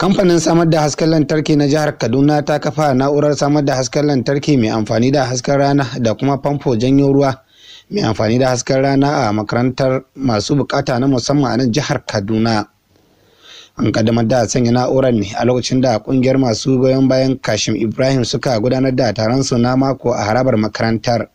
Kamfanin samar da hasken lantarki na jihar Kaduna ta kafa na'urar samar da hasken lantarki mai amfani da hasken rana da kuma famfo janyo ruwa mai amfani da hasken rana a makarantar masu bukata na musamman a nan jihar Kaduna. An kaddamar da sanya na'urar ne a lokacin da kungiyar masu goyon bayan Kashim Ibrahim suka gudanar da taron su na mako a harabar makarantar.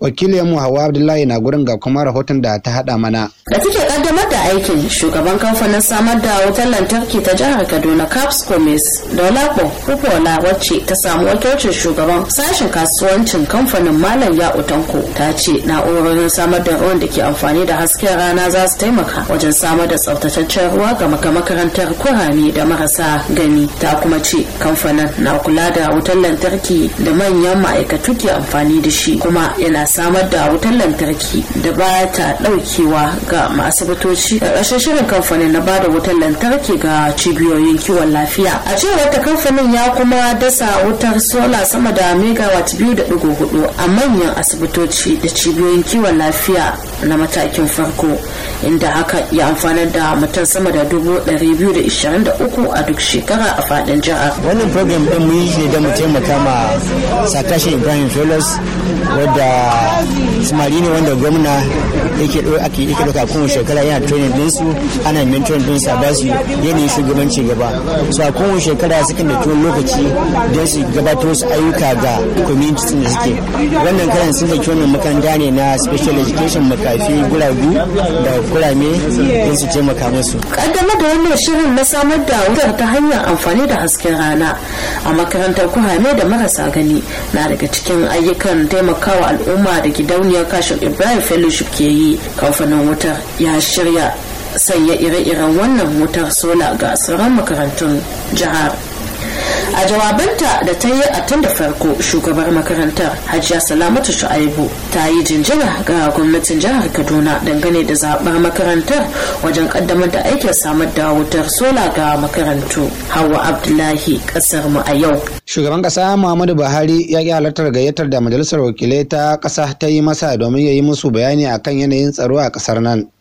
wakiliyar mu abdullahi na gurin ga kuma rahoton da ta haɗa mana da suke kaddamar aikin shugaban kamfanin samar da wutar lantarki ta jihar kaduna caps comis dolapo kupola wacce ta samu wakilcin shugaban sashen kasuwancin kamfanin malam ya utanko ta ce na'urorin samar da ruwan da ke amfani da hasken rana za su taimaka wajen samar da tsaftataccen ruwa ga makarantar kurame da marasa gani ta kuma ce kamfanin na kula da wutar lantarki da manyan ma'aikatu ke amfani da shi kuma yana samar da wutar lantarki da ba ta ɗaukewa ga asibitoci A ƙarƙashin shirin kamfanin na bada wutar lantarki ga cibiyoyin kiwon lafiya a cewar ta kamfanin ya kuma dasa wutar sola sama da megawatt biyu da ɗigo hudu a manyan asibitoci da cibiyoyin kiwon lafiya na matakin farko inda haka ya amfanar da mutum sama da dubu ɗari biyu da ishirin da uku a duk shekara a faɗin jihar wannan program ɗin mun yi shi da mu taimaka ma sakashin ibrahim felos wadda samari ne wanda gwamna yake ake yake ɗauka kowane shekara yana training su ana mentoring ɗinsu a basu yanayin shugabanci gaba so a kowane shekara sukan da tuwon lokaci don su gabatar wasu ayyuka ga community da suke wannan karan sun zaki wannan makaranta ne na special education makafi guragu da kurame don su taimaka musu kaddamar da wannan shirin na samar da wutar ta hanyar amfani da hasken rana a makarantar kurame da marasa gani na daga cikin ayyukan taimakawa al'umma da gidauniyar cibiyar kashin ibrahim fellowship ke yi kamfanin wutar ya shirya sanya ire-iren wannan wutar sola ga sauran makarantun jihar a jawabinta da ta yi a tun da farko shugabar makarantar hajiya salamatu shu'aibu ta yi jinjina ga gwamnatin jihar kaduna dangane da zaɓar makarantar wajen kaddamar da aikin samar da wutar sola ga makarantu hawa abdullahi kasar mu a yau shugaban kasa muhammadu buhari ya ƙi halartar gayyatar da majalisar wakilai ta ƙasa ta yi masa domin ya yi musu bayani akan yanayin tsaro a ƙasar nan